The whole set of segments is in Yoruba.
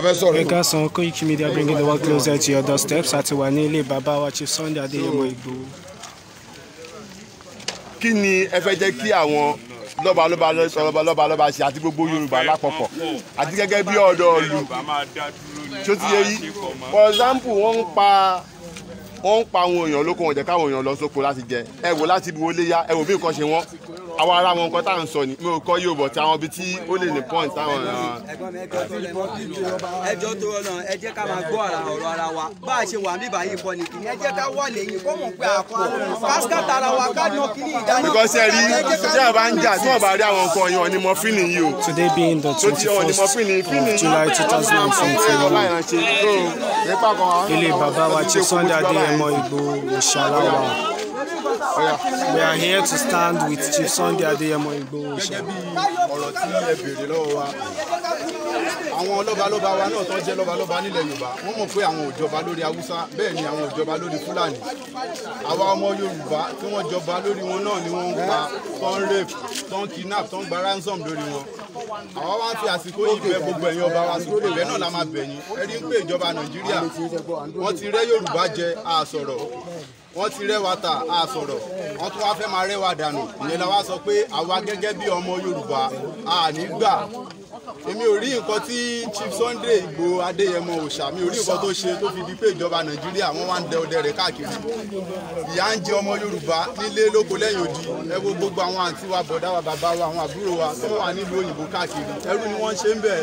ẹ̀ka san Koiki Media bringing the world closer to your doorsteps àti ní ilé bàbá wa Chief Sunday Adéyẹmọ Ìgbòho. kí ni ẹ fẹ́ jẹ́ kí àwọn lọ́ba lọ́ba lọ́sọ lọ́ba lọ́ba lọ́ba ṣe àti gbogbo Yorùbá lápapọ̀ àti gẹ́gẹ́ bí ọ̀dọ́ ọ̀lù tí ó ti yẹ yìí for example wọ́n ń pa wọ́n ń pa àwọn èèyàn lóko wọn jẹ́ káwọn èèyàn lọ sóko láti jẹ ẹ wò láti ibi wo léyà ẹ wò bí nǹkan ṣe wọ́n àwọn ará wọn nǹkan tá à ń sọ ni mi ò kọ́ yóò bọ̀ tí àwọn ibi tí ó lè ní point táwọn. ẹ̀gbọ́n ẹjọ́ tó rọ̀ náà ẹ ká máa gbọ́ ara ọ̀rọ̀ ara wa bá a ṣe wà ní ìbáyé pọ̀ ní kìíní ká wà lẹ́yìn kó mọ̀ pé àpò pásítà tara wa ká yan kìíní ìdáná. because ẹ rí tí a ń jà tí wọ́n bá rí àwọn nǹkan yẹn ọ̀ni mọ yìí o. today being the twenty first of July two thousand and twenty one ilé bàbá wa ti Sunday Adéyẹmọ Ìgbòho òṣàlá we are here to stand with Chief Sunday Adeyemo Igboho. àwọn lọ́balọ́ba wa náà tó jẹ́ lọ́balọ́ba nílẹ̀ Yorùbá wọ́n mọ̀ pé àwọn ò lórí Haúsá bẹ́ẹ̀ ni àwọn ò lórí Fúlàní àwa ọmọ Yorùbá tí wọ́n jọba lórí wọn náà ni wọ́n ń pa tó rape tó kidnap tó gba ransom lórí wọn àwa wá fi àsìkò yìí bẹ̀ gbogbo ẹ̀yin ọba wa sùn ìbẹ̀ náà la máa bẹ̀ yín ẹ rí ìjọba Nàìjíríà wọ́n ti rẹ́ Yorùbá jẹ àsọ̀rọ̀ wọ́n ti rẹwà ta a sọ̀rọ̀ wọ́n tún wá fẹ́ máa rẹwà dànù ìyẹn la wá sọ pé àwa gẹ́gẹ́ bí ọmọ Yorùbá a ní gbà èmi ò rí nǹkan tí Chief Sunday Igboho Adéyẹmọ òòṣà mi ò rí nǹkan tó ṣe tó fi di pé ìjọba Nàìjíríà wọn wá ń dẹ ọdẹ rẹ káàkiri ìyà ń jẹ ọmọ Yorùbá nílé lóko lẹ́yìn odi ẹ gbogbo àwọn àǹtí wa bọ̀dá wa bàbá wa àwọn àbúrò wa tó wà nílùú òyìnbó káàkiri ẹrú ni wọ́n ṣe ń bẹ̀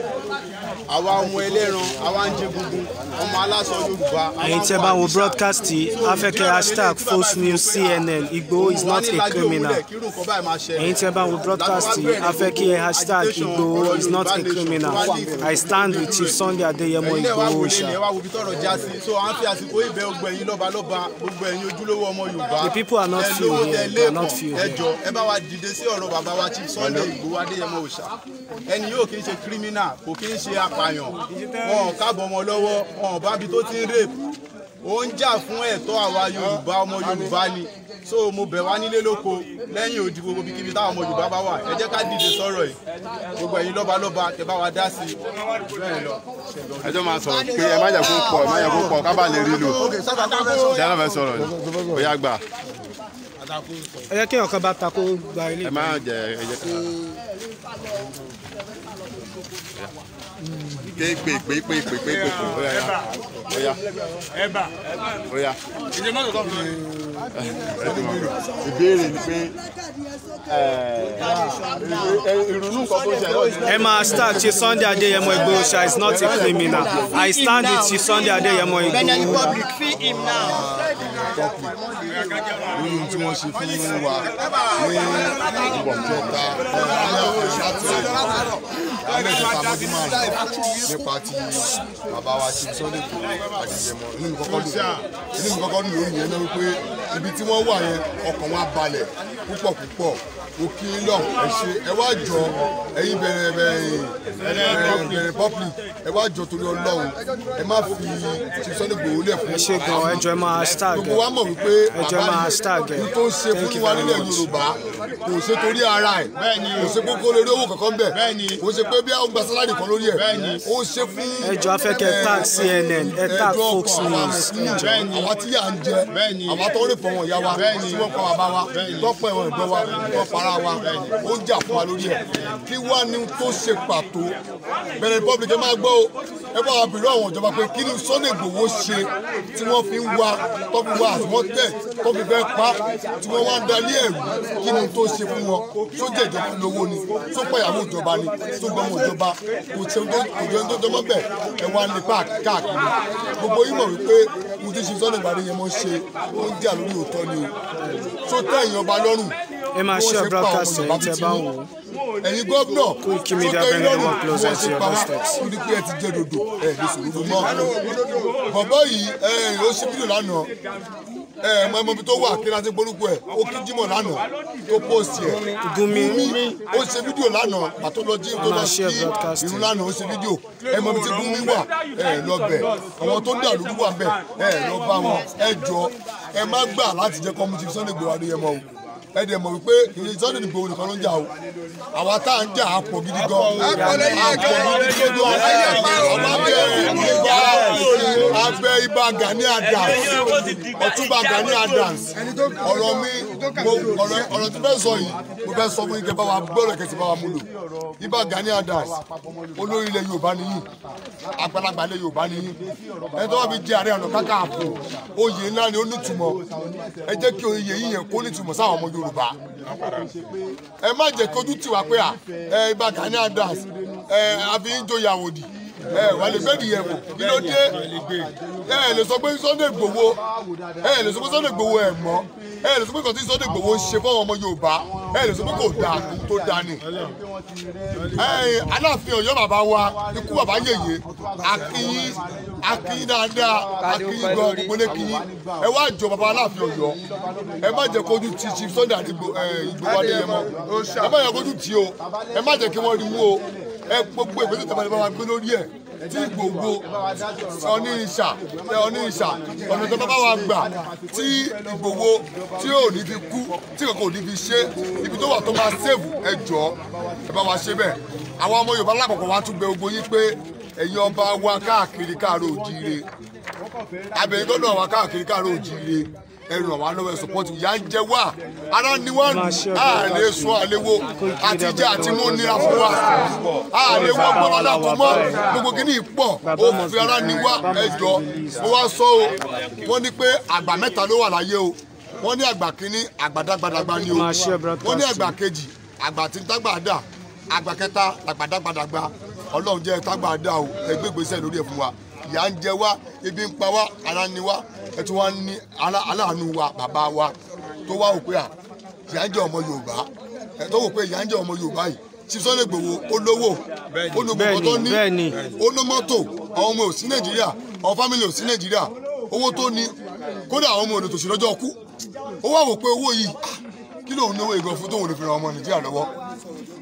àwa ọmọ ẹlẹ́ran àwa ń jẹ gungun ọmọ aláṣọ Yorùbá. ẹ̀yin tẹ́ bá wo broadcast afẹ́kẹ́ hashtag false news CNN Igboho is not a criminal ẹ̀yin tẹ́ bá wo broadcast afẹ́kẹ́ hashtag Igboho is not not a criminal I stand with Chief Sunday Adeyemo Igboho The people are not few here they are not few here. ẹni yóò kì í ṣe criminal kò kì í ṣe apààyàn wọn ò kábọ̀ ọmọ lọ́wọ́ wọn ò bábi tó ti ń rape ó ń jà fún ẹ̀tọ́ àwa Yorùbá ọmọ Yorùbá ni so mo bẹ̀ wá nílé lóko lẹ́yìn odi gbogbo kíbi táwọn ọmọ Yorùbá bá wà ẹ jẹ́ ká dìde sọ̀rọ̀ yìí gbogbo ẹ̀yin lọ́balọ́ba tẹ́ bá wa dá sí i bẹ́ẹ̀ lọ. ẹ jọ máa sọ̀rọ̀ pé ẹ má jà kó pọ̀ ẹ má jà kó pọ̀ ká bá lè rí lò dáná fẹ́ sọ̀rọ̀ ó yá gbà. ẹ jẹ́ kí ọ̀kan bá takò gba ilé ìgbà. ẹ má jẹ ẹ jẹ́ ká pé pé pé pé pé pé pé ó yá ó yá ó yá ìbéèrè ni pé eh, ìrònú nǹkan tó ṣe ẹ̀rọ. ẹ máa start ṣe Sunday Adéyẹmọ Ìgbòho ṣá is not a criminal I stand with Sunday Adéyẹmọ Ìgbòho tọ́kì nínú tí wọ́n ṣe fún wa ní ìbọ̀jọ́ta alẹ́jọ́ta nípa ti bàbá wa ti sọ́dẹ̀ tó àjẹjẹmọ́ inú kọ́kọ́ dùn kọ́kọ́ dùn yẹn náà wípé ibi tí wọ́n wà yẹn ọkàn wa balẹ̀ púpọ̀ púpọ̀ mo kí yín lọ ẹ ṣe ẹ wá jọ ẹ̀yin bẹ̀rẹ̀ bẹ̀rẹ̀ bẹ̀rẹ̀ public ẹ wá jọ torí Ọlọ́run ẹ má fi ṣiṣọ́lẹ̀ gbòó lẹ̀ fún. ẹ ṣe gan ẹjọ ẹ máa hashtag gbogbo wa mọ̀ wípé bàbá yìí tó ń ṣe fún wa nílẹ̀ Yorùbá kò ṣe torí ara ẹ̀ kò ṣe kókó lórí owó kankan bẹ̀ kò ṣe pé bí àwọn gba sálárì kan lórí ẹ̀ ó ṣe fún. ẹjọ afẹkẹ tag CNN ẹ tag Fox News ẹjọ àwa tí yà ń jẹ àwa tó ń rè fọwọn ìyá wa tí wọn pa bàbá wa tọpọ ẹwọn ìgbẹ wa tọpọ ara wa ó ń jà fún wa lórí ẹ̀ kí wá ní tó ṣe pàtó bẹ̀rẹ̀ republic ẹ máa gbọ́ o ẹ bá wa bèrè àwọn ìjọba pé kí ni Sunday Igboho ṣe tí wọ́n fi ń wa tó fi wa àtúmọ̀tẹ̀ tó fi fẹ́ pa tí wọ́n wá ń dalí ẹ̀rú kí ni tó ṣe fún wọn tó jẹ́ ìjọba lówó ni tó pẹ̀yàwó ìjọba ni tó gbọ́ ọmọ ìjọba kò ṣe òjò tó jọmọ́ bẹ̀ ẹ wá ní park káàkiri gbogbo yìí mọ̀ wípé mo ti ṣe Sunday Igboho yẹn mọ́ ṣe ó ń jà lórí òótọ́ ni o tó tẹ̀yìn ọba ẹ máa ṣe broadcast ẹ̀yin tẹ́ bá ń wò ó. ẹ̀yin gómìnà Koiki Media bring everyone closer to your doorsteps. wọ́n ti pa ẹ ti jẹ́ dodo ẹ̀ ní sùúrù mọ́. bọ̀bọ́ yìí ẹ̀ ó ṣí fídíò lánàá ẹ mọ ẹmọ bí tó wà kí láti gbórúkọ ẹ ó kí Jímọ̀ lánàá tó post ẹ Gumi ó ṣe fídíò lánàá pàtó lọ jí tó lọ sí irun lánàá ó ṣe fídíò ẹ mọ bí tí Gumi wà ẹ lọ bẹ àwọn tó ń dà lórí wà bẹ ẹ lọ bá wọn ẹ jọ ẹ má gbà láti jẹ kọmùtì Sunday Adéyẹmọ o ẹ dẹ̀ mọ̀ wípé ìrìnsọ́nù ìdìbò nìkan ló ń jà o àwa tá à ń jà á pọ̀ gidi gan àpọ̀ gidi gan ọba bẹ ìgbà abẹ ibà Gani Adams ọtúbà Gani Adams ọ̀rọ̀ mi ọ̀rọ̀ tí fẹ́ sọ yìí mo fẹ́ sọ fún ìjẹba wa gbọ́dọ̀ kẹsì bá wa múlò ibà Gani Adams olórí ilẹ̀ Yorùbá nìyí àgbàlagbà ilẹ̀ Yorùbá nìyí ẹni tó wà fi jẹ ààrẹ ọ̀nà kákà àpò oyè ńlá ni ó nítumọ̀ ẹ jẹ́ kí oyè yìí yẹn kó nítumọ̀ sáwọn ọmọ Yorùbá yorùbá ẹ má jẹ́ kójú tiwa pé à ẹ ibà Gani Adams ẹ àfi ń joyè àwòdì ẹ wà lè gbẹ́dì yẹn mọ̀ kí ló dé ẹ lè sọ pé Sunday Igboho ẹ lè sọ pé Sunday Igboho ẹ mọ̀ ẹ lè sọ pé kòtí Sunday Igboho ń ṣe fọwọ́ ọmọ Yorùbá ẹ lè sọ pé kò dáa tó dáa ni Aláàfin Ọ̀yọ́ bàbá wa ikú bàbá yèyé akínyín akínyín dáadáa akínyín gan gbogbo lé kínyín ẹ wá jọ bàbá Aláàfin Ọ̀yọ́ ẹ má jẹ́ kójú ti Chief Sunday àti Igboho Adéyẹmọ ẹ má jẹ́ kójú ti o ẹ má jẹ́ kí wọ́n rí mú o ẹ gbogbo ìwé tó tẹ̀lé bá wa gbé lórí ẹ̀ tí gbogbo ọní ìṣà ọní ìṣà ọ̀nà tó bá wa gbà tí ìgbòho tí ò ní fi kú tí kòkò ò ní fi ṣe ibi tó wà tó máa ṣèwù ẹ jọ ẹ bá wa ṣe bẹ́ẹ̀ àwọn ọmọ Yorùbá lápapọ̀ wa tún bẹ gbogbo yín pé ẹ̀yin ọba wa káàkiri káàró òjíire abẹ̀yìn tó náà wa káàkiri káàró òjíire ẹ ràn lọ́wọ́ ẹ support ìyà ń jẹ wá ara ni wá àlè sọ àléwo àtijọ́ àti mú nira fún wa àlè wọ́n gbọ́ wọn lákò mọ́ gbogbo kìíní pọ̀ ó ara ni wá ẹjọ́ ó wá sọ o wọ́n ní pé àgbà mẹ́ta ló wà láyé o wọ́n ní àgbà kìíní àgbàdàgbàdàgbà ni o wọ́n ní àgbà kejì àgbà tí ń dágbà dà àgbà kẹta àgbàdàgbàdàgbà ọlọ́run jẹ́ tágbà dà o ẹgbẹ́ ẹ tún wá ní aláàánú wa bàbá wa tó wá òpè à ìyá ń jẹ ọmọ yorùbá ẹ tó wò pé ìyá ń jẹ ọmọ yorùbá yìí tí Sunday Igboho olówó olùgbòkò tó ní olómọ́tò àwọn ọmọ òsín nàìjíríà àwọn fámìlì òsín nàìjíríà owó tó ní kódà àwọn ọmọ òdòtòṣì lọ́jọ́ kú ó wá wò pé owó yìí kí lóun náwó ìgbọ̀fún tóun ò lè fi ran ọmọ nàìjíríà lọ́wọ́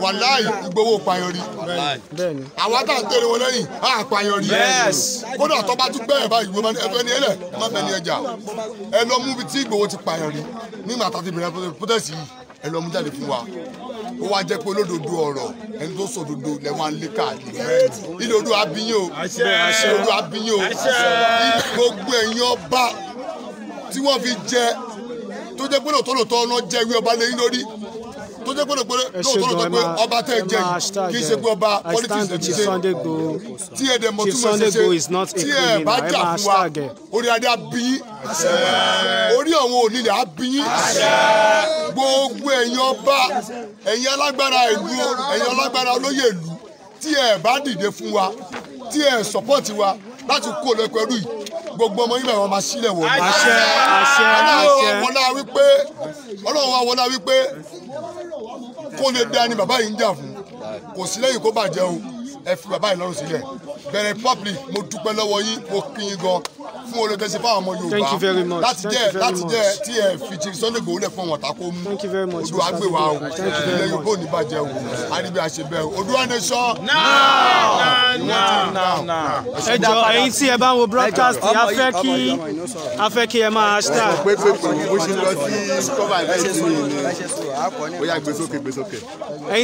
wàláì Ìgbòho pààyàn rí àwa tá à ń tẹ̀lé wọn lẹ́yìn á pààyàn rí kódà tó bá tún bẹ́ẹ̀ báyìí wọ́n fẹ́ ní ẹlẹ̀ wọ́n fẹ́ ní ẹja ẹ lọ mú bí tí Ìgbòho ti pààyàn rí nígbà tá a ti bẹ̀rẹ̀ protest yìí ẹ lọ mú jáde fún wa ó wá jẹ́ pé olódodo ọ̀rọ̀ ẹni tó sọ òdodo lẹ wá ń lé káàkiri ilé odò abiyan o ilé odò abiyan o gbogbo ẹ̀yin ọba tí wọ́n fi jẹ tó jẹ́ pé lòtọ́lòtọ́ ọ̀nà jẹ́ ìwé ọba lẹ́yìn lórí tó jẹ́ pélépélé lóòótọ́ lóòótọ́ pé ọba tẹ́ ẹ jẹ́ yìí kì í ṣe pé ọba politics lè ti ṣe tí ẹ dẹ̀ mọ̀ tí mo ṣe ṣe tí ẹ bá jà fún wa orí adé abiyín orí àwọn onílẹ̀ abiyín gbogbo ẹ̀yin ọba ẹ̀yin alágbára ìlú ẹ̀yin alágbára olóyè ìlú tí ẹ bá dìde fún wa tí ẹ sọpọ́ọ̀tì wa láti kó lọ pẹ̀lú yìí gbogbo ọmọ yìí làwọn máa sílẹ̀ wọ̀. àṣẹ àṣẹ àṣẹ. ọlọ́run wa wọlá wípé ọlọ́run wa wọlá wípé kó lè dá ni bàbá yìí ń jà fún kò sí lẹ́yìn kó bàjẹ́ o ẹ fi bàbá yìí lọ́rùn sílẹ̀. Benin Republic mo dúpẹ́ lọ́wọ́ yín mo kí yín gan fún olóògbé fáwọn ọmọ Yorùbá láti jẹ́ láti jẹ́ tí ẹ fi ti Sunday Igboho lẹ̀ fún wọn tako mú Odua gbé o ilẹ̀ Yorùbá ò bàjẹ́ o àríbi àṣebẹ̀ o Odua nation. ẹ jọ ẹ̀yin tí ẹ bá ń wo broadcast a fẹ́ kí a fẹ́ kí ẹ máa hashtag. ọ̀pọ̀ pé pé bó ṣe lọ sí cover bẹ́ẹ̀ ni ó yà gbé sókè gbé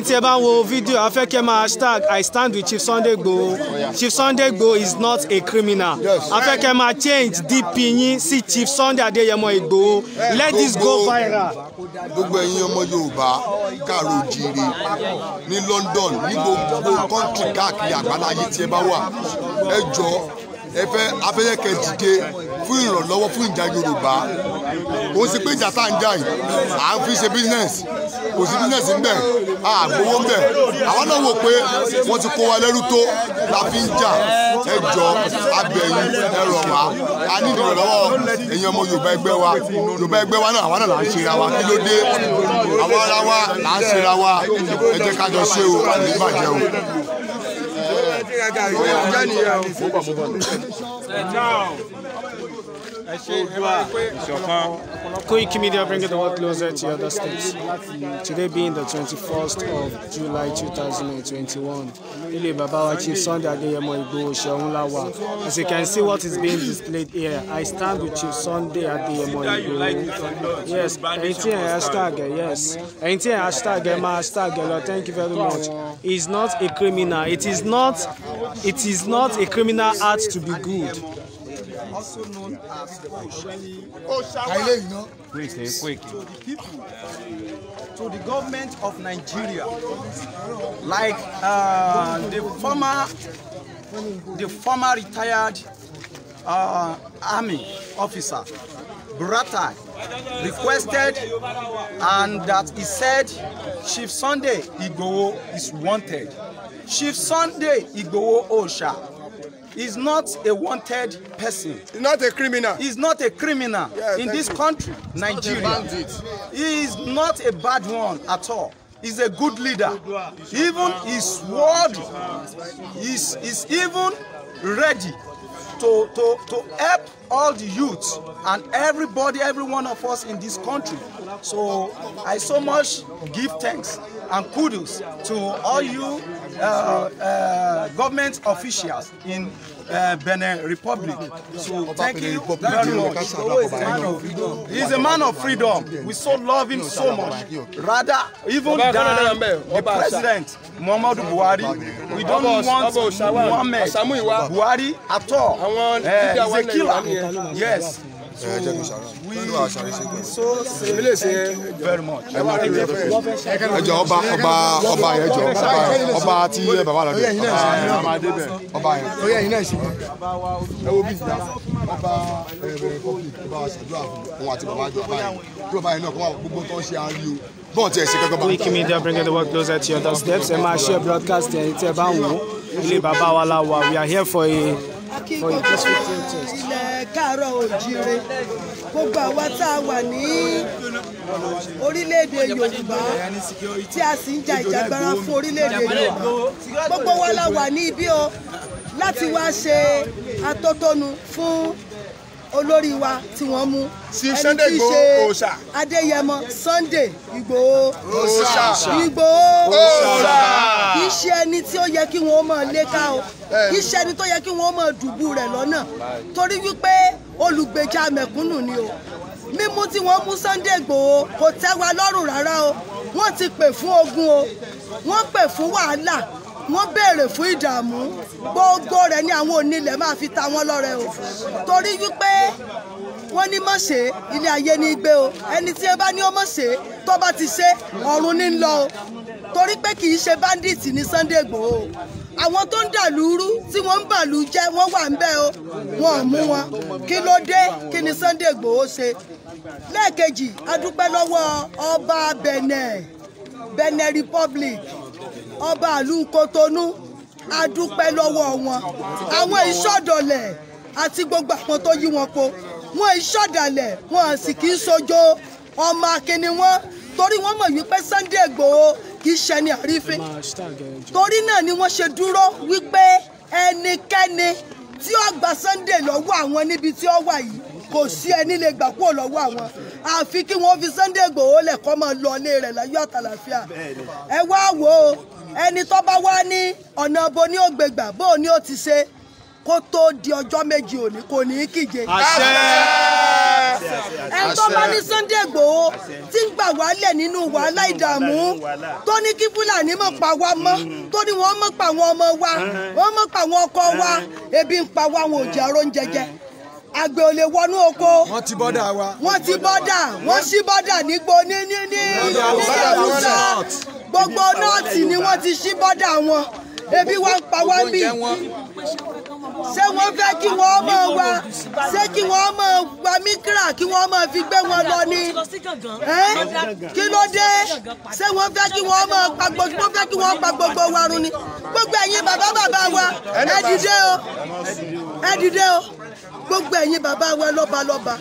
tí ẹ bá ń wo fídíò a fẹ́ kí ẹ máa hashtag I stand with Chief Sunday Igboho Chief Sunday Igboho is not a criminal a fẹ́ kẹ́ máa change DP yín sí Chief Sunday Adéyẹmọ Igboho let this go viral. gbogbo ẹ̀yin ọmọ Yorùbá káàró jíire ní London ní gbogbo kọ́ńtì káàkiri àgbáláyé tí ẹ bá wà ẹ jọ ẹ fẹ́ afẹ́yẹ́kẹ́ dìde fún ìrànlọ́wọ́ fún ìjà Yorùbá kò sí pé ìjà tá à ń jà yìí à ń fi ṣe bísínẹ́sì kò sí bísínẹ́sì ń bẹ̀ à gbowó ń bẹ̀ àwọn náà wò pé wọ́n ti kó wa lẹ́rú tó la fi ń jà ẹ abẹ́yìn ẹ rọ̀ a ní ìrànlọ́wọ́ èyàn ọmọ Yorùbá ẹgbẹ́ wa Yorùbá ẹgbẹ́ wa náà àwa náà là ń ṣera wa kí ló dé àwa ara wa là ń ṣera wa ẹ jẹ́ ká jọ ṣe o àní ìbàjẹ́ o. Ciao. Koiki Media bringing the world closer to other states. Today being the 21st of July 2021, Ile Babawa Chief Sunday Adeyemo Igboho Seun As you can see what is being displayed here, I stand with Chief Sunday Adeyemo Igboho. Yes, ẹ̀yìntì ẹ̀ hashtag yes, ẹ̀yìntì ẹ̀ hashtag ẹ̀ hashtag ẹ̀ thank you very much. It is not a criminal, it is not, it is not a criminal art to be good also known as Oshawa. Ah, Oshawa. Quick, eh, quick. To the people, to the government of Nigeria, like uh, the former, the former retired uh, army officer, Buratai, requested and that he said Chief Sunday Igboho is wanted. Chief Sunday Igboho Osha is not a wanted person. He's not a criminal. He's not a criminal yes, in this you. country, He's Nigeria. He is not a bad one at all. He's a good leader. Even his word is, is even ready to, to, to help all the youths and everybody, every one of us in this country. So I so much give thanks and kudos to all you Uh, uh, government officials in uh, Benin Republic. So thank you very much. He's a man of freedom. We so love him so much. Rather, even than the president, Muhammadu Buhari, we don't want Muhammad Buhari at all. Uh, he's a killer. Yes ẹ jẹ́ kí n ṣàrà nínú àṣàrà ṣe pẹ̀lú. èmi lè ṣe very much. ẹ máa kiri ẹfẹ ẹ jọ ọba ọba ọba yẹn jọ ọba tí ẹ bàbá rẹ bẹ ọba yẹn. ó yẹ yín náà ṣe. ẹ wo bí ọba ẹ̀rẹ̀ kọ́pì ọba ṣàdúrà fún àti bàbá àjọ ọba yẹn tí ọba yẹn náà kọ́ wà gbogbo tó ń ṣe ariwo bọ́ọ̀ tí ẹ ṣe kankan bá. Wiki Media bringing the work closer to your doorstep ẹ máa ṣe broadcast ẹ tí ẹ bá ń wò ilé bàbá wa la wà we are here for a for a peaceful protest káàárọ̀ òjíire gbogbo àwa tá a wà ní orílẹ̀-èdè Yorùbá tí a sì ń ja ìjàgbara fún orílẹ̀-èdè Yorùbá gbogbo wa la wà ní ibi o láti wá ṣe atótónu fún olórí wa tí wọ́n mú ẹni tí í ṣe adéyẹmọ sunday ìgbòho ìgbòho kì í ṣe ẹni tí ó yẹ kí wọ́n máa léka o kì í ṣe ẹni tó yẹ kí wọ́n máa dùbú rẹ̀ lọ́nà torí wípé olùgbèjà mẹ̀kúnnù ni o mímú tí wọ́n mú sunday ìgbòho kò tẹ́ wa lọ́rùn rárá o wọ́n ti pè fún ogun o wọ́n pè fún wàhálà wọ́n béèrè fún ìdààmú gbogbo rẹ̀ ni àwọn onílẹ̀ máa fi ta wọ́n lọ́rẹ o torí wípé wọ́n ní mọ̀ṣẹ́ ilé ayé ní gbé o ẹni tí ẹ bá ní ó mọ̀ṣẹ́ tó bá ti ṣe ọ̀run ní lọ o torí pé kì í ṣe bandits ní Sunday Igboho àwọn tó ń dàlúrú tí wọ́n ń bàlú jẹ́ wọ́n wà ń bẹ̀ o wọn ò mú wọn kí ló dé kí ni Sunday Igboho ṣe lẹ́ẹ̀kejì adúpẹ́ lọ́wọ́ ọba Benin Benin Republic ọba àlù Kotonu, a dúpẹ́ lọ́wọ́ wọn àwọn ìṣọ̀dọ̀lẹ̀ àti gbogbo àwọn tó yí wọn po wọn ìṣọ̀dàlẹ̀ wọn sì kì í sojo ọmọ akíní wọn torí wọn mọ̀ wípé Sunday Igboho kì í ṣe ni àrífín torí náà ni wọ́n ṣe dúró wípé ẹnikẹ́ni tí ó gba Sunday lọ́wọ́ àwọn níbi tí ó wà yìí kò sí ẹni lè gbà kúrò lọ́wọ́ àwọn àfi kí wọ́n fi Sunday Igboho lẹ̀ kó lọ ilé rẹ̀ láyọ̀ àtàlàfíà ẹ wá wò ó ẹni tó bá wá ní ọ̀nà bo ní ògbègbà bó ni ó ti ṣe kó tó di ọjọ́ méjì òní kò ní í kíje. àṣẹ ẹni tó bá ní Sunday Igboho tí ń gbà wálẹ̀ nínú wàhálà ìdààmú tó ní kí Fúlàní mọ̀ pa wá mọ́ mm-hmm. tó ní wọ́n mọ̀ pa àwọn ọmọ wa mm-hmm. wọ́n mọ̀ pa àwọn ọkọ wa mm-hmm. ebi ń pa wá àwọn òjì aróúnjẹ jẹ àgbẹ̀ ò lè wọnú oko. wọ́n ti bọ́dà wa. wọ́n ti bọ́dà wọ́n ṣí bọ́dà nígbó ní ní ní ní ní gbogbo nọ́ọ̀tì ni wọ́n ti ṣí bọ́dà wọn ebi wá pa wá ń bì ṣé wọ́n fẹ́ kí wọ́n mọ̀ wá ṣé kí wọ́n mọ̀ wá mikra kí wọ́n mọ̀ fi gbé wọn lọ ni kí ló dé ṣé wọ́n fẹ́ kí wọ́n mọ̀ pa gbogbo wọ́n fẹ́ kí wọ́n pa gbogbo wa run ni gbogbo ẹ̀yin bàbá bàbá wa ẹ dìde o ẹ dìde o gbogbo ẹ̀yin bàbá wa lọ́ba lọ́ba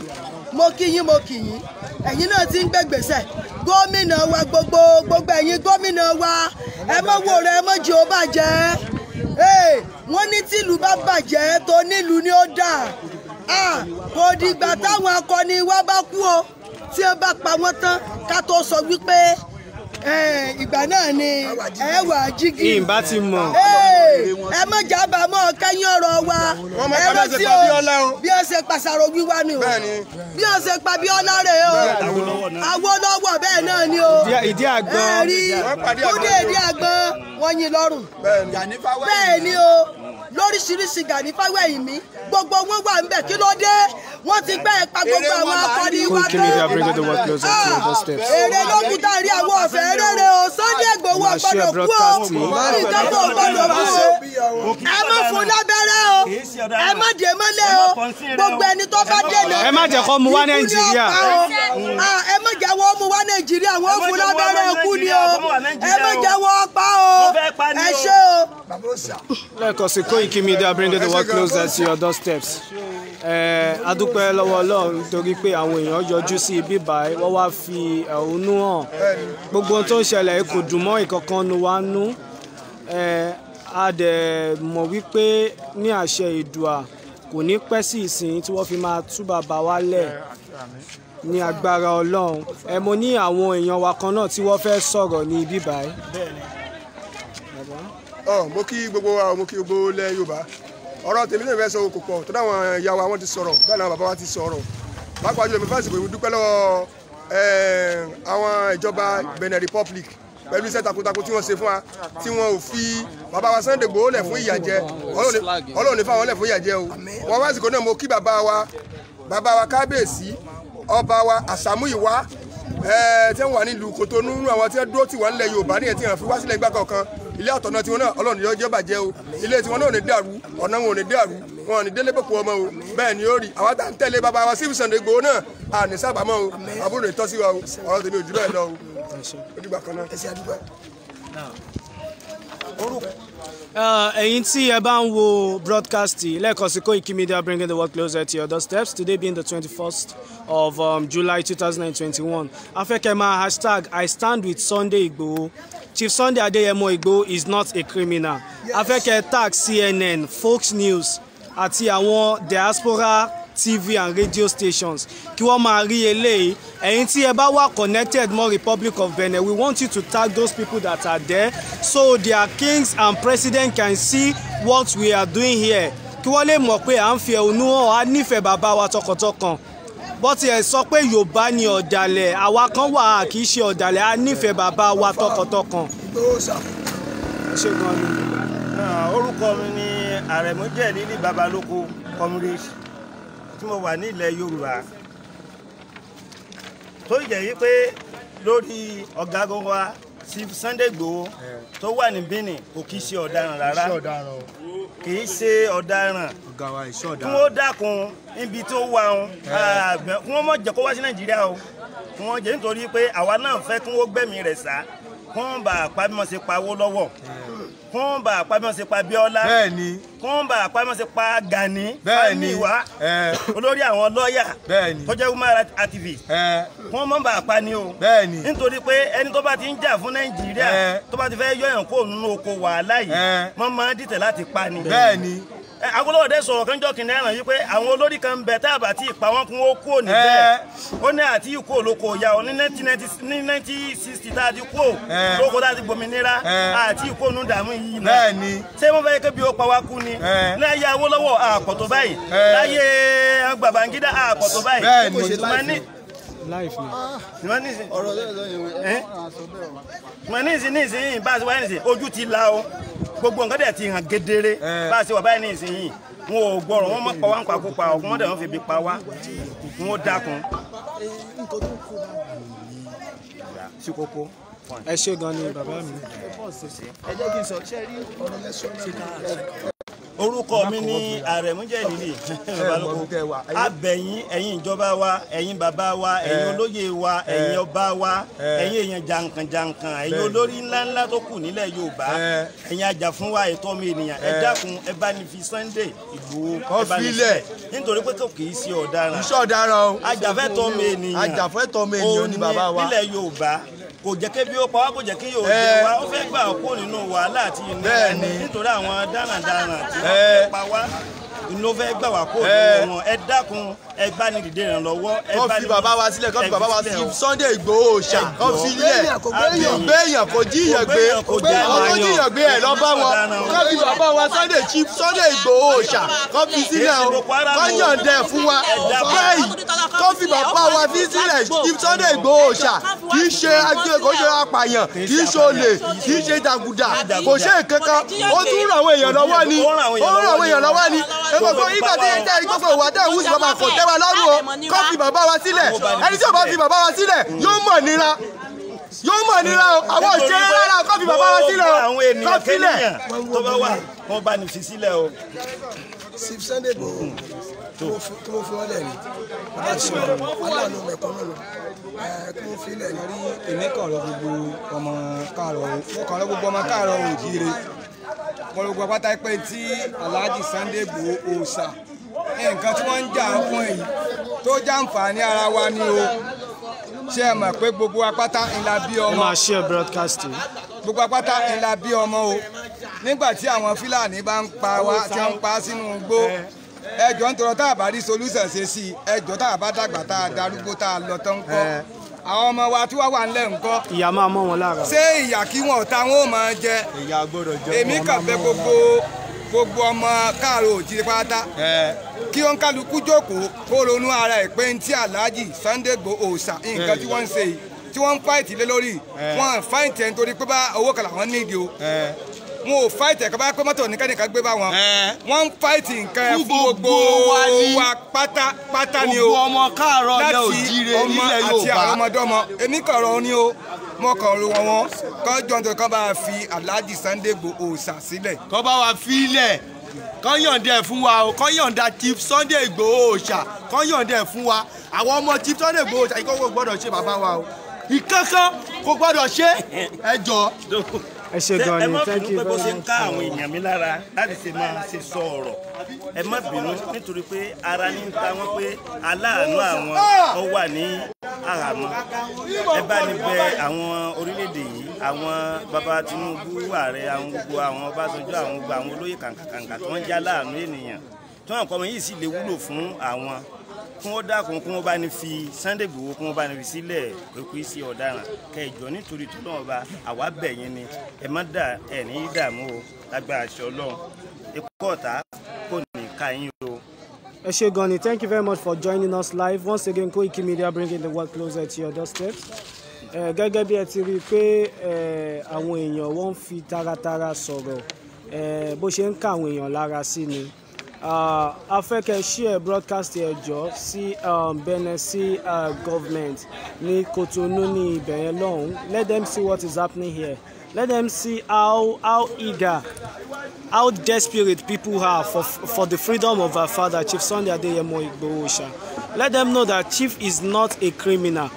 mo kí yín mo kí yín ẹ̀yin náà ti ń gbé gómìnà wa gbogbo gbogbo ẹ̀yin gómìnà wa ẹ mọ̀ wo rẹ ẹ mọ̀ jẹ́ ó bàjẹ́ wọ́n ní tìlú bá bàjẹ́ tó nílùú ni ó dà ah, kò dìgbà táwọn akọni wa bá kú o tí wọ́n bá pa wọ́n tán ká tó sọ wípé. Eh, ìgbà náà ni ẹ wà jígì. ìbá ti mọ̀. Eh, ẹ má jábà mọ́ kẹ́yìn ọ̀rọ̀ wa. wọ́n mọ kọ́lá pa Bíọ́lá o. bí ó ṣe pa Sàrò wíwá ni o. bẹ́ẹ̀ni. bí ó ṣe pa Bíọ́lá rè o. Awólọ́wọ̀ bẹ́ẹ̀ náà ni o. ìdí àgbọn. ẹ̀rí kúndé ìdí àgbọn wọ́n yin lọ́rùn. bẹ́ẹ̀ni o lóríṣiríṣi gàní fáwẹ́yìn mi gbogbo wọn wà ń bẹ̀ kí ló dé wọ́n ti gbẹ́ ẹ̀pa gbogbo àwọn akọni wá tó èrè lókun tá a rí àwọn ọ̀fẹ́ rere o Sunday Igboho ọgbọ́dọ̀ kú o ìjọba ọgbọ́dọ̀ kú o ẹ má fún lábẹ́rẹ́ o ẹ má dé mọ́lẹ̀ o gbogbo ẹni tó bá dènà ẹ má jẹ́ kó mu wá Nàìjíríà ah, ẹ má jẹ́ wọ́n mu wá Nàìjíríà wọ́n fún lábẹ́rẹ́ kú ni o ẹ má jẹ́ wọ́n pa o ẹ ṣé o. lẹ́ẹ̀kan sí Koiki Media bring the world closer to your doorsteps. adúpẹ́ lọ́wọ́ ọlọ́run torí pé àwọn èèyàn yọjú sí ibi báyìí wọ́n wá fi ẹ̀hónú hàn gbogbo ohun tó ń ṣẹlẹ̀ kò dùn mọ́ ìkankan nu wa nú a dẹ̀ mọ̀ wípé ní àṣẹ ìdùà kò ní pẹ́ sí ìsìn tí wọ́n fi máa tú bàbá wa lẹ̀ ní agbára ọlọ́run ẹ mo ní àwọn èèyàn wa kan náà tí wọ́n fẹ́ sọ̀rọ̀ ní ibi báyìí ọ mo kí gbogbo wa mo kí gbogbo lẹ Yorùbá ọ̀rọ̀ tèmi náà fẹ́ sọ kò pọ̀ tó dáwọn ìyá wa wọ́n ti sọ̀rọ̀ bẹ́ẹ̀ náà bàbá wa ti sọ̀rọ̀ pàápàá jùlọ mi fásitì kò dúpẹ́ lọ́wọ́ àwọn ìjọba Benin Republic pẹ̀lú iṣẹ́ takuntakun tí wọ́n ṣe fún wa tí wọ́n ò fi bàbá wa Sunday Igboho lẹ̀ fún ìyà jẹ Ọlọ́run ní fáwọn lẹ̀ fún ìyà jẹ o wọ́n fásitì kò náà mo kí bàbá wa bàbá wa kábíyèsí ọba wa àṣàmú ìwá tí wọ́n wà nílùú Kòtónú àwọn tí wọ́n dúró tì wọ́n ń Yorùbá níyẹn tí wọ́n fi wá sílẹ̀ ìgbà kọ̀ọ̀kan ilé àtọ̀nà tiwọn náà ọlọ́run yóò jẹ́ bàjẹ́ o ilé tiwọn náà ò ní dàrú ọ̀nà wọn ò ní dàrú wọn ò ní délé bòkú ọmọ o bẹ́ẹ̀ ni ó rí àwọn tá ń tẹ̀lé bàbá wa sí ìsàn ìgbòho náà à ní sábàámọ̀ o àbúrò ìtọ́sí o ọ̀rọ̀ tèmi ò jù bẹ́ẹ̀ lọ o ó kan náà. Uh, ẹ̀yin tí ẹ bá ń wo broadcast lẹ́ẹ̀kan sí Koiki Media bringing the world closer to your doorsteps today being the twenty first of um, July two thousand and twenty-one afẹ́kẹ̀má hashtag I stand with Sunday Igboho Chief Sunday Adeyemo Igboho is not a criminal afẹ́kẹ̀ tag CNN Fox News àti àwọn diaspora TV and radio stations kí wọ́n máa rí eléyìí ẹ̀yin tí ẹ bá wà connected mọ́ Republic of Benin we want you to tag those people that are there so their kings and president can see what we are doing here kí wọ́n lè mọ̀ pé à ń fi ẹ̀hónú hàn á nífẹ̀ẹ́ bàbá wa tọkàntọkàn bó ti ẹ̀ sọ pé Yorùbá ni ọ̀dàlẹ̀ àwa kan wà á kì í ṣe ọ̀dàlẹ̀ á nífẹ̀ẹ́ bàbá wa tọkàntọkàn. orúkọ mi ni àrẹ̀mú jẹ̀lílì babalóko comrade tí mo wà ní ilẹ̀ Yorùbá tó jẹ́ yí pé lórí ọ̀gágun wa Chief Sunday Igboho tó wà ní Benin kò kì í ṣe ọ̀daràn rárá kì í ṣe ọ̀daràn kí wọ́n dákun níbi tó wà ń kí wọ́n mọ̀ jẹ́ kó wá sí Nàìjíríà o kí wọ́n jẹ́ nítorí pé àwa náà fẹ́ kí wọ́n gbẹ̀mí rẹ̀ sá kí wọ́n bá a pa bí wọ́n ṣe pawó lọ́wọ́ kọ́ńbà àpamọ́sẹ̀ pa Bíọ́lá bẹ́ẹ̀ni kọ́ńbà àpamọ́sẹ̀ pa Gani bẹ́ẹ̀ni Faniwa olórí àwọn lọ́ọ̀yà bẹ́ẹ̀ni tó jẹ́ human rights activist wọ́n mọ́ńbà àpani o bẹ́ẹ̀ni nítorí pé ẹni tó bá ti ń jà fún Nàìjíríà tó bá ti fẹ́ yọ ẹ̀yàn kó nínú oko wàhálà yìí wọ́n máa ń dìtẹ̀ láti pa ni bẹ́ẹ̀ni Awólọ́wọ̀ dẹ́ sọ̀rọ̀ kánjọ́ kìnìún ẹ̀ràn yìí pé àwọn olórí kan bẹ̀ tá a bá ti pa wọ́n kún ó kúrò níbẹ̀ ó ní àti ikú olóko ìyá ọ ní nineteen sixty tá a ti kú olóko tá a ti gbòmìnira àti ikú onú dààmú yìí náà ṣé wọ́n fẹ́ kébi ó pa wá kú ni láyé Awólọ́wọ̀ àpọ̀tọ̀ báyìí láyé Babangida àpọ̀tọ̀ báyìí life ni. ìmọ̀ nísìn ọ̀rọ̀ lẹ́yìn lọ́yìn ẹ̀ ìmọ̀ nísìn nísìn yìí bá a ṣe wáyé nísìn ojú ti la o gbogbo nǹkan dẹ̀ ti hàn gedere bá a ṣe wà báyìí nísìn yìí ò gbọ́rọ̀ wọn mọ̀ pa wá ń pa kó wọn fi bi pa wá wọn ó dákun. sí ẹ ṣé gan ni bàbá mi. ẹ jẹ́ kí n sọ ṣe rí ọ̀rọ̀ lẹ́sọ̀ orúkọ mi ní àrẹ̀mú Jẹ̀lílì babalóko abẹ̀yìn ìjọba wa ẹ̀yin bàbá wa ẹ̀yin olóyè wa ẹ̀yin ọba wa ẹ̀yin èèyàn jàǹkànjàǹkàn ẹ̀yin olórí ńláńlá tó kù nílẹ̀ Yorùbá ẹ̀yin ajàfún wa ẹ̀tọ́ ọmọ ènìyàn ẹ dákun ẹ bá ní fi Sunday Ìgbòho ẹ bá ní sílẹ̀ nítorí pé kò kì í ṣe ọ̀daràn ajàfẹ́tọ̀ ọmọ ènìyàn ọmọ ènìyàn ni bàbá wa òní nílẹ̀ Yorùbá kò jẹ́ kébi ó pa wá kò jẹ́ kí yóò jẹ eh. wá ó fẹ́ gbà kó nínú wàhálà àti ìnira nítorí àwọn dáradára tí eh. wọ́n fẹ́ pa wá ló fẹ́ gbà wá kó nínú eh. wọn ẹ dákun ẹ bá ní dìde ìrànlọ́wọ́ ẹ bá ní. kọ́ fi bàbá wa sílẹ̀ kọ́ fi bàbá wa sí Sunday Igboho ṣá kọ́ fi sílẹ̀ gbẹ̀yàn kò jíyàn gbé ọkọ̀ jíyàn gbé ẹ̀ lọ́bá wọn kọ́ fi bàbá wa Sunday Chief Sunday Igboho ṣá kọ́ fi sílẹ̀ o kọ́ yànjẹ́ fún wa bẹ́ẹ̀ kọ́ fi bàbá wa fi sílẹ̀ Chief Sunday Igboho ṣá kì í ṣe kò ṣe apààyàn kì í ṣe olè kì í ṣe jàgùdà kò ṣe kankan ó tún ràn àwọn èèyàn lọ́wọ́ ni ó ràn àwọn èèyàn lọ́wọ́ ni tẹ́ wa lọ́rùn o kó fi bàbá wa sílẹ̀ ẹni tí ò bá fi bàbá wa sílẹ̀ yóò mọ̀ nira yóò mọ̀ nira o àwọn òṣèré rárá kó fi bàbá wa sílẹ̀ o kó sílẹ̀. tó bá wà wọn bá ní fi sílẹ̀ o. sif sunday bò tó hmm. kí mo fi wọn lẹ ní bàbá ìṣòro aláàánú mẹkọ mẹlò kí mo fi lẹ ní. èmi kọ̀ọ̀rọ̀ gbogbo ọmọ káàrọ̀ mo kọ̀ọ̀rọ̀ gbogbo ọmọ káàrọ̀ òjì rẹ̀ mo rògbò pátá pé tí Alhaji Sunday Igboho ọ̀sà nǹkan tí wọ́n ń jà fún èyí tó jàǹfààní ara wa ni o ṣé ẹ mọ̀ pé gbogbo apáta ńlá bí ọmọ. ẹ máa ṣe broadcasting. gbogbo apáta ńlá bí ọmọ o nígbà tí àwọn fúlàní bá ń pa wá tí wọ́n ń pa sínú igbó ẹjọ́ ń tọrọ tá a bá rí solúsàn ṣe sí i ẹjọ́ tá a bá dàgbà tá a darúgbó tá a lọ tán kọ́ àwọn ọmọ wa tí wọ́n wà nílẹ̀ ńkọ́. ìyá máa mọ́ wọn lára. ṣé ìyà kí wọn ọ̀tá wọn ò máa jẹ. ìyá gbọ́dọ̀ jẹ́ wọn máa mọ́ wọn lára. èmi kàn fẹ́ gbogbo gbogbo ọmọ káàró òjì pátá kí ó ń kálukú jókòó kó ronú ara ẹ̀ pé ń tí aláàjì Sunday Igboho òòṣà nǹkan tí wọ́n ń ṣe yìí tí wọ́n ń fáìtì lé lórí wọ́n fáìtì ẹ̀ nítorí pé bá owó kan làwọn nídìí o wọn ò fáìtì ẹ̀ka bá pé mọ́tò ní kẹ́nìkan gbé bá wọn wọ́n ń fáìtì nǹkan ẹ̀ fún gbogbo wa pátápátá ni o láti ọmọ àti àwọn ọmọdọ́mọ èmi kọ̀ọ̀rọ̀ ni o mo kàn ro wọn wọn kọjọ nítorí kọ́ bá wa fi Alhaji Sunday Igboho sà sílẹ̀. kọ́ bá wa fi ilẹ̀ kọ́ yọ̀ǹda ẹ̀ fún wa o kọ́ yọ̀ǹda Chief Sunday Igboho ṣà kọ́ yọ̀ǹda ẹ̀ fún wa àwọn ọmọ Chief Sunday Igboho ṣà ìkọ́kọ́ gbọ́dọ̀ ṣe bàbá wa o ìkankan kò gbọ́dọ̀ ṣe ẹ jọ. ẹ ṣe gan ni thank you very much. ẹ má bínú pé bó ṣe ń ká àwọn èèyàn mi lára àràmọ́ ẹ bá ní bẹ àwọn orílẹ̀-èdè yìí àwọn baba Tinubu ààrẹ àwọn gbogbo àwọn Ọbásanjọ́ àwọn gbogbo àwọn olóyè kàǹkàǹkà tó ń já láàánú ènìyàn tó hàn pọ́nmọ́ yìí sì lè wúlò fún àwọn kí wọ́n dákun kí wọ́n bá ní fi Sunday Igboho kí wọ́n bá ní fi sílẹ̀ pẹ̀kú sí ọ̀daràn kẹjọ nítorí tó náà bá àwa bẹ̀ yín ni ẹ má dà ẹ̀ ní dààmú o lágbára aṣọ ọlọ́run ikú ọ̀tá kò ní ká yín o Eshegoni, thank you very much for joining us live. Once again, Koiki Media bringing the world closer to your doorstep. Gẹ́gẹ́ bí ẹ ti rí i pé àwọn èèyàn wọ́n ń fi taratara sọ̀rọ̀ bó ṣe ń ká àwọn èèyàn lára sí ni. A fẹ́ kẹ́ broadcast ẹ̀jọ́ sí um, Benin sí uh, government ní Cotonou ní ibẹ̀ lọ́hùn-ún. Let them see what is happening here. Let them see how, how eager, how desperate people are for, for the freedom of our father, Chief Sunday Adeyemo Igboho Let them know that Chief is not a criminal.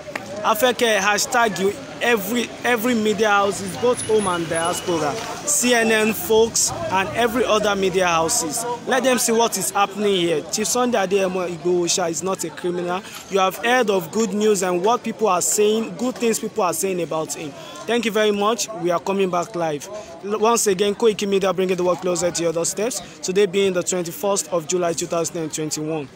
Afẹ́kẹ́ hashtag every every media houses both home and diaspora cnn fox and every other media houses let them see what is happening here chief sunday adeyemo igbohosha is not a criminal you have heard of good news and what people are saying good things people are saying about him thank you very much we are coming back live once again koiki media bringing the world closer to your doorsteps today being the 21st of july 2021